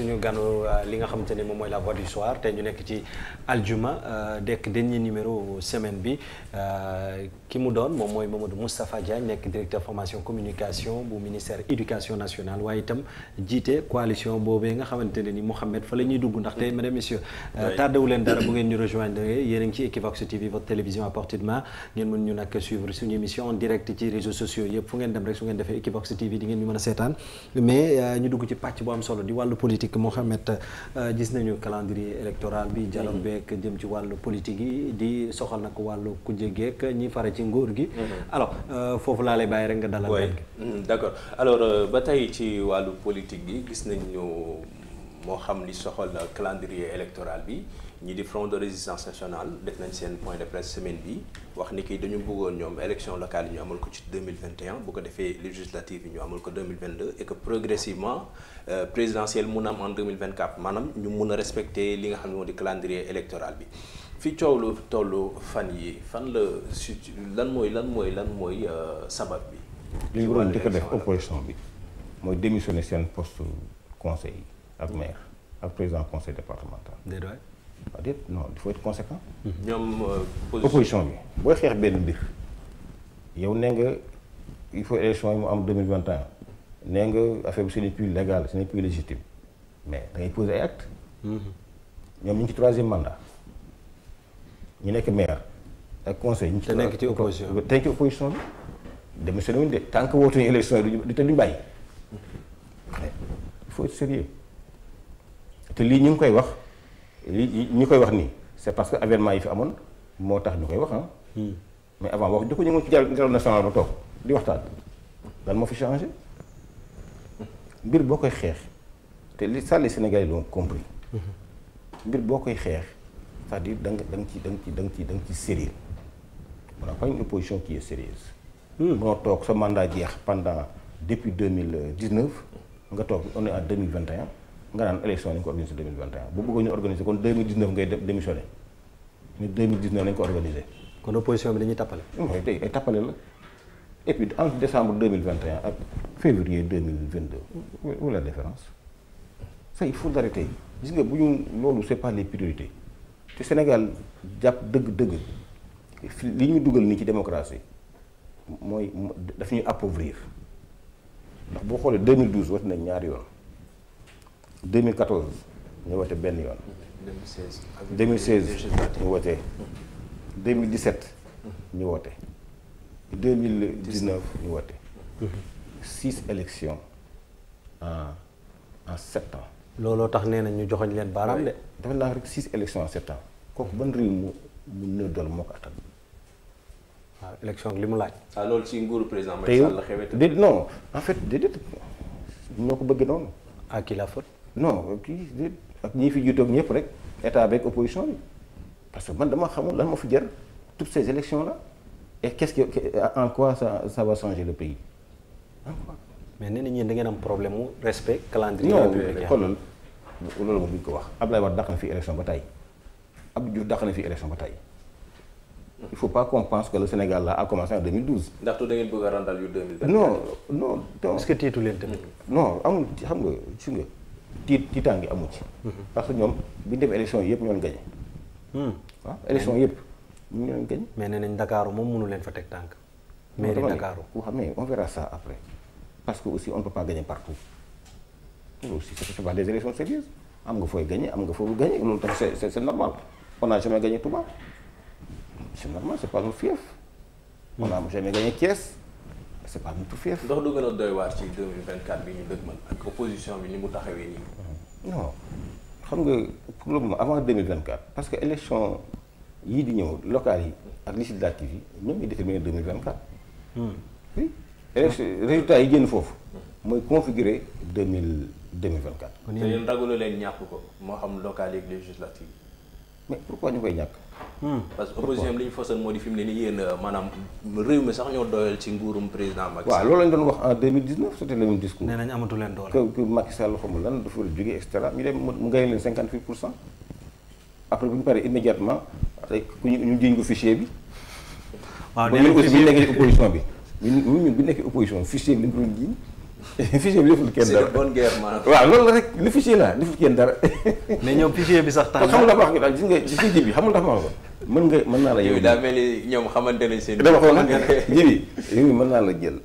suñu ganu euh, li nga xamante ne moom mooy la voix soir tey ñu nekk ci aljuma euh, dekk dernier numéro semaine bi euh, ki mu doon moom mooy Mamadou Moustapha Diagne nekk directeur formation communication bu ministère éducation nationale waaye itam jiite coalition boobee nga xamante ne ni Mouhamed fa la ñuy dugg ndax tey mm-hmm. mesdames messieurs tardewu leen dara bu ngeen ñu rejoindre yéen a ngi ci Equivox TV votre télévision à portée de main ngeen mën ñu nag suivre suñu émission en direct ci réseaux sociaux yëpp fu ngeen dem rek su ngeen defee politique Mouhamed euh, gis nañu calendrier électoral bi dialogue mm-hmm. beek jëm ci wàllu politique yi di soxal nag wàllu kujje geek ñi fare ci nguur gi mm-hmm. alors euh, foofu laa lay bàyyi rek nga dalal rek mm-hmm. d'accord alors euh, ba tey ci wàllu politique bi gis nañu moo xam li soxal calendrier électoral bi ñi di front de résistance nationale def nañ seen point de presse semaine bi wax ni kii dañu bëggoon ñoom élection locale yi ñu amal ko ci bu ko defee législative yi ñu amal ko 2022 et que progressivement euh, présidentielle mun a am en 2024 maanaam ñu mun a respecter li nga xam ne moo di calendrier électoral bi fi coow lu tollu fan yi fan la su lan mooy lan mooy lan mooy euh, sabab bi li ñu waroon njëkk a def opposition bi mooy démissionner seen post conseil ak maire ak président conseil départemental c'est-à-dire non il faut être conséquent. ñoom euh, opposition bi booy xeex benn mbir yow nee nga il faut élection yi mu am 2021 nee nga affaire bi ce n'est plus légal ce n'est plus légitime mais da ngay ay actes. Mm-hmm. ñoom ñu ngi ci troisième mandat ñu nekk maire ak conseil. ñu ci te nekk ci opposition bi te nekk ci wuñ de tant que wootuñu élection yi duñu te duñu bàyyi mm-hmm. il faut être sérieux te lii ñu ngi koy wax. li ñi koy wax nii c'est parce que avènement yi fi amoon moo tax ñu koy wax ah. Hmm. mais avant wax dëgg ñu ngi ci dialogue national ba toog di waxtaan lan moo fi changé mbir boo koy xeex te li ça les Sénégalais hmm. boo koy xeex c'est-à-dire da nga da ci da nga ci da ci da nga ci sérieux on n'a pas hmm. moo toog sa mandat jeex pendant depuis deux mille dix-neuf nga toog on est en mille vingt et nga naan élection nañ ko organiser 2021 bu bëggoon ñu organiser kon 2019 ngay démissionné ñu 2019 nañ ko organiser. kon opposition bi dañuy tappale. mooy tey ay tappale la et puis entre décembre 2021 ak février 2022 où la différence ça il faut arrêter gis nga bu ñu loolu c'est pas les priorités te Sénégal jàpp dëgg-dëgg li ñu dugal nii ci démocratie mooy daf ñuy appauvrir ndax boo xoolee 2012 wat nañ ñaari yoon. 2014 ñu woote benn yoon. 2016 2016 ñu wote. 2017 ñu wote. 2019 ñu wote. six élections en en sept ans. looloo tax nee na ñu joxoñ leen baaraam de. dafa naa rek six élections en sept kooku ban réew mu mun na doon moo ko attan. waaw li mu laaj. ah loolu ci nguuru président Macky Sall la xewee. non en fait déedéet ñoo ko bëgg noonu. à ah, qui non kii ak ñi fi jiitoog ñëpp rek état beeg opposition bi parce que man dama xamul lan moo fi jar tout ces élections là et quest que en quoi sa ça va changer le pays en quoi. mais nee nañu da ngeen am problème mu respect calendrier. républicain non xoolal loolu moom bu ko wax Abdoulaye Wade dàq na fi ba tey Abdou Diouf dàq na fi élection ba tey. il faut pas qu'on a commencé en 2012. ndaxte da ngeen bëgg a randal leen tamit. non amul xam nga si nga. tiit tiitaange amu ci. Mhm. parce que ñoom bi ñu dem élection yëpp ñoo leen gañe. waaw hmm. ah, élection yëpp mu ngi leen gañe. mais nee nañ Dakar moom mënu leen fa teg tànk. mais de Dakar ku xam ne on verra après parce que aussi on ne peut pas gagner partout loolu am nga fooy gagner am nga foofu gagner loolu tam c'est c'est normal on n'a jamais gagné Touba c'est normal c'est pas un fief. on hmm. n'a jamais gagné Thiès. c' est pas notre fief. ndox du gën a doy waar ci 2024 bi ñu dëgmal ak opposition bi ni mu taxawee nii. Mm-hmm. non xam nga problème avant parce que élection yii di ñëw locales yi ak législatives yi ñoom ñuy déterminer 2024. Mm. oui résultat yi génn foofu. mooy configurer deux mille deux mille vingt quatre. kon yéen ragalu leen ñàkk ko moo xam locales yi ak législatives yi. mais pourquoi ñu koy ñàkk. Hmm. parce que opposition li ñu fasoon moo di fi mu ne nii yéen euh, maanaam réew mi sax ñoo doyal ci nguurum président Macky waaw loolu lañ doon wax en 2019 c'était le même discours. nee nañ amatu leen doole. que que Macky Sall xamul lan dafa jógee et cetera ñu dem mu ngay leen 58 pour cent après bu ñu paree immédiatement ku ñu ñu jiñ ko fichier bi. waaw nee nañ aussi bi ñu nekkee opposition bi. ñun ñun bi nekkee opposition fichier bi lañ fichier bi deful kenn dara c'est bonne guerre maanaam. waaw loolu la rek le fichier là deful kenn dara. mais ñoom fichier bi sax. tax na la wax gis nga fichier bi xamul dafa wax mën nga mën naa la. yow daa ma ni ñoom xamante nañ seen. dama ko wax jibi yow mën naa la jël.